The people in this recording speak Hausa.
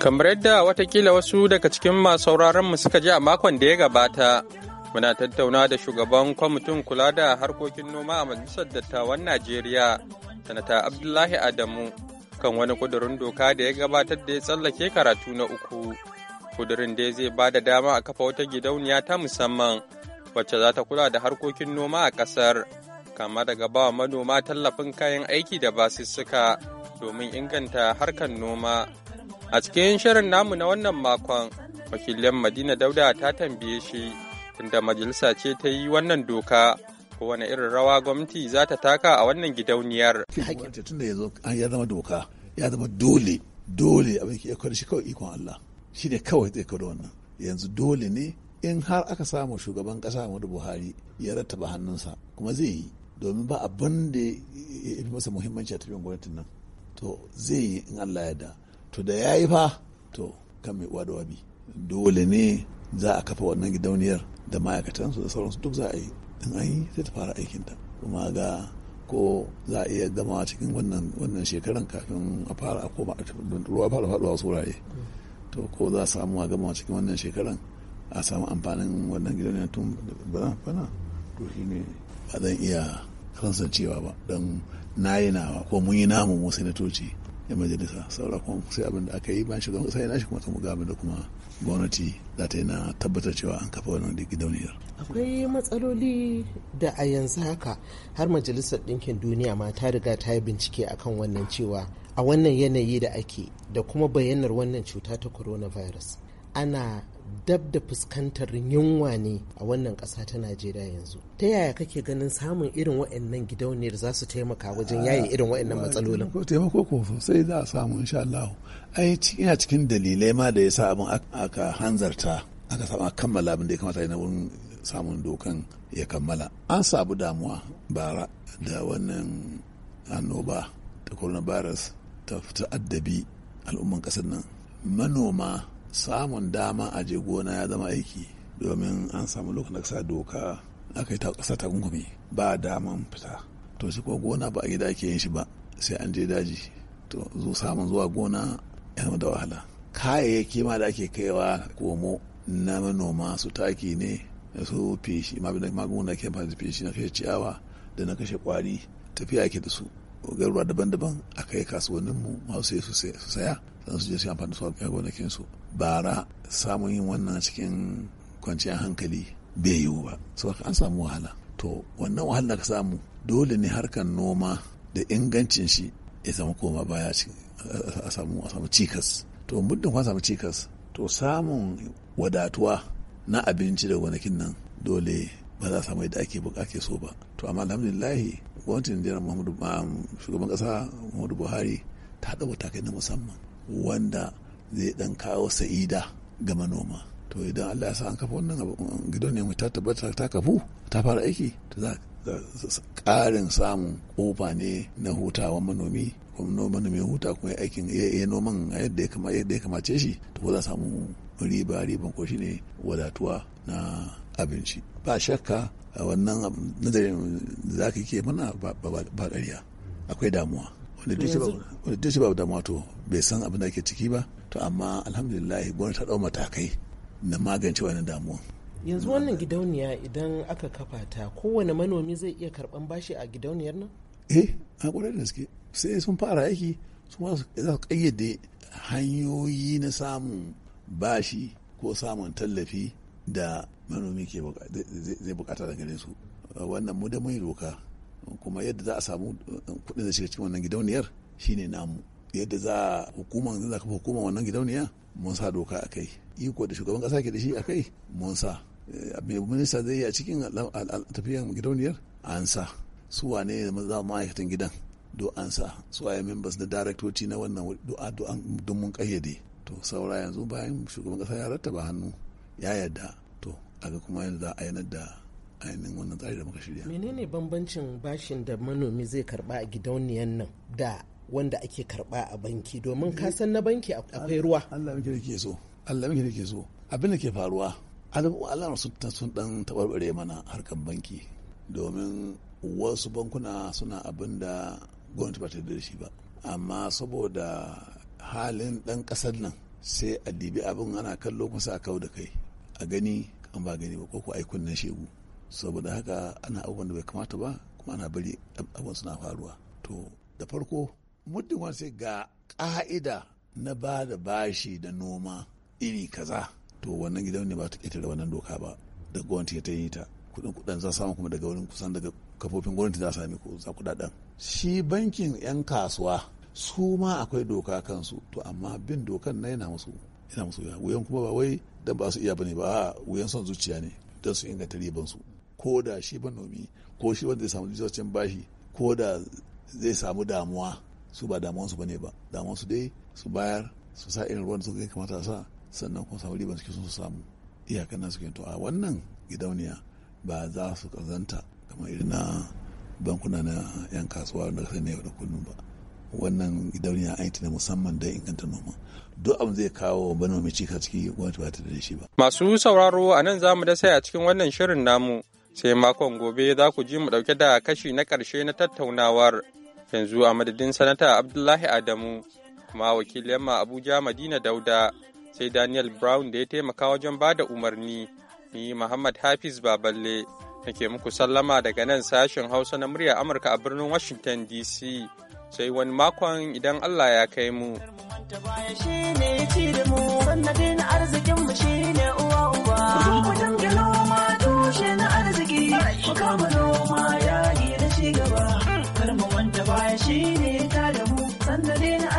Kamar yadda watakila wasu daga cikin masu mu suka ji a makon da ya gabata, muna tattauna da shugaban kwamitin kula da harkokin noma a Majalisar Dattawan Najeriya, Sanata Abdullahi Adamu, kan wani kudurin doka da ya gabatar da ya tsallake karatu na uku. Kudurin da zai ba da dama a kafa wata gidauniya ta musamman, wacce za ta kula da harkokin noma a ƙasar, kama daga ba manoma tallafin kayan aiki da basussuka domin inganta harkar noma. A cikin shirin namu na wannan makon, wakilin Madina Dauda ta tambaye shi inda majalisa ce ta yi wannan doka kowane irin rawa gwamnati za ta taka a wannan gidauniyar. tunda ya zama doka, ya zama dole, dole abin ke ikon shi kawai ikon Allah. Shi ne kawai zai kawo wannan. Yanzu dole ne in har aka samu shugaban kasa Muhammadu Buhari ya rattaba hannunsa kuma zai yi domin ba abin da ya fi masa muhimmanci a tafiyan gwamnatin nan. To zai yi in Allah ya da. to da ya yi fa to kan mai uwa da wabi dole ne za a kafa wannan gidauniyar da ma'aikatansu da sauransu duk za a yi in an yi sai ta fara aikinta kuma ga ko za a iya gama cikin wannan wannan shekaran kafin a fara a koma ruwa fara faɗuwa su wurare to ko za a samu a gama cikin wannan shekaran a samu amfanin wannan gidauniyar tun bana bana to shi ne ba zan iya kansancewa ba don na yi nawa ko mun yi namu mu toci? yan majalisa kuma sai abin da aka yi ban shugaban sai na shi kuma kuma ga da kuma gwamnati za ta yi na tabbatar cewa an kafa wannan gidauniyar. akwai matsaloli da a yanzu haka har majalisar ɗinkin duniya ma ta riga ta yi bincike akan wannan cewa a wannan yanayi da ake da kuma bayyanar wannan cuta ta coronavirus ana dab da fuskantar yunwa ne a wannan ƙasa ta najeriya yanzu ta yaya kake ganin samun irin waɗannan gidauniyar za su taimaka wajen yaye irin waɗannan matsalolin ko taimako ko sai za a samu insha Allah ai ina cikin dalilai ma da ya sa abin aka hanzarta aka samu kammala abin da ya kamata na wurin samun dokan ya kammala an samu damuwa bara da wannan annoba ta coronavirus ta addabi al'umman ƙasar nan manoma samun dama a je gona ya zama aiki domin an samu lokacin da sa doka aka yi kasa takunkumi ba daman fita to shi ko gona ba a gida ake yin shi ba sai an je daji to zo samun zuwa gona ya zama da wahala kayayyaki ma da ake kaiwa komo na manoma su taki ne da su feshi magunguna ke da feshi na kashe ciyawa da na kashe kwari tafiya ke da su garuruwa daban-daban a kai kasuwanninmu masu sai su saya sannan su je su yi amfani da su a gonakinsu bara samun yin wannan cikin kwanciyar hankali bai yiwu ba saboda an samu wahala to wannan wahala ka samu dole ne harkar noma da ingancin shi ya zama koma baya a samu cikas to muddin kwa samu cikas to samun wadatuwa na abinci da gonakin nan dole ba za a samu yadda ake ke so ba to amma alhamdulillahi gwamnatin jiran muhammadu um, shugaban kasa muhammadu buhari ta ɗau kai na musamman wanda zai dan kawo sa'ida ga manoma to idan Allah ya sa an kafa wannan gidan ne ta tabbata ta kafu ta fara aiki to za ƙarin samun ƙofa ne na hutawan manomi kuma manomi huta kuma aikin ya noman yadda ya kama yadda ya kamace shi to za samu riba riban ko shine wadatuwa na abinci ba shakka a wannan nazarin da ka ke mana ba ƙarya akwai damuwa wanda duk shi ba damuwa to bai san abin da ake ciki ba to amma alhamdulillah gwamnati ta ɗau matakai na magance wannan damuwa yanzu wannan gidauniya idan aka kafa ta kowane manomi zai iya karɓan bashi a gidauniyar nan eh a da gaske. sai sun fara aiki su za su ƙayyade hanyoyi na samun bashi ko samun tallafi da manomi ke zai bukata daga gare su wannan mu da mai doka kuma yadda za a samu eh, kuɗin da shiga cikin wannan gidauniyar shine namu yadda za hukuma za kafa hukuma wannan gidauniya mun sa doka a kai iko da shugaban kasa ke da shi a kai mun sa eh, mai minista zai yi a cikin tafiyan gidauniyar an sa su wane ne za ma'aikatan gidan do an sa su waye members na directoci na wannan do'a don mun kayyade to saura yanzu bayan shugaban kasa ya rattaba hannu ya yadda. to aga kuma yanzu za a yanar da ainihin wannan tsari da muka shirya menene bambancin bashin da manomi zai karba a gidauniyar nan da wanda ake karba a banki domin ka eh. san na banki akwai ruwa Allah miki da ke so Allah miki da ke so abin da ke faruwa Allah ta sun dan tabarbare mana harkan banki domin wasu bankuna suna abin da gwamnati ba ta da shi ba amma saboda halin dan kasar nan sai a dibi abin ana kallo kusa a kau da kai a gani an ba gani ba ko ko aikun nan shegu saboda haka ana abubuwan da bai kamata ba kuma ana bari abin suna faruwa to da farko muddin wasu ga ƙa'ida na ba da bashi da noma iri kaza to wannan gidan ne ba ta ƙetare wannan doka ba da gwamnati ta yi ta kuɗin kuɗin za samu kuma daga wurin kusan daga kafofin gwamnati za sami ko za kuɗaɗen shi bankin 'yan kasuwa su ma akwai doka kansu to amma bin dokan na yana musu yana musu wuya wuyan kuma ba wai dan ba su iya bane ba wuyan son zuciya ne don su inganta riban su ko da shi banomi, ko shi wanda ya samu zuciyar bashi ko da zai samu damuwa su ba damuwansu ba ne ba damuwansu dai su bayar su sa irin ruwan da suka kamata sa sannan kuma samu riban suke sun su samu iyakan nan suke to a wannan gidauniya ba za su kazanta kamar irin na bankuna na 'yan kasuwa da kasar na yau da kullum ba wannan gidauniya an na musamman don inganta noma duk abin zai kawo mai cika ciki gwamnati ba ta da shi ba. masu sauraro a nan za mu da a cikin wannan shirin namu sai makon gobe za ku ji mu dauke da kashi na karshe na tattaunawar yanzu a madadin sanata abdullahi adamu kuma wakil yamma abuja madina dauda sai daniel brown da ya taimaka wajen ba da umarni ni muhammad hafiz baballe nake muku sallama daga nan sashen hausa na murya amurka a birnin washington dc sai wani makon idan allah ya kai mu.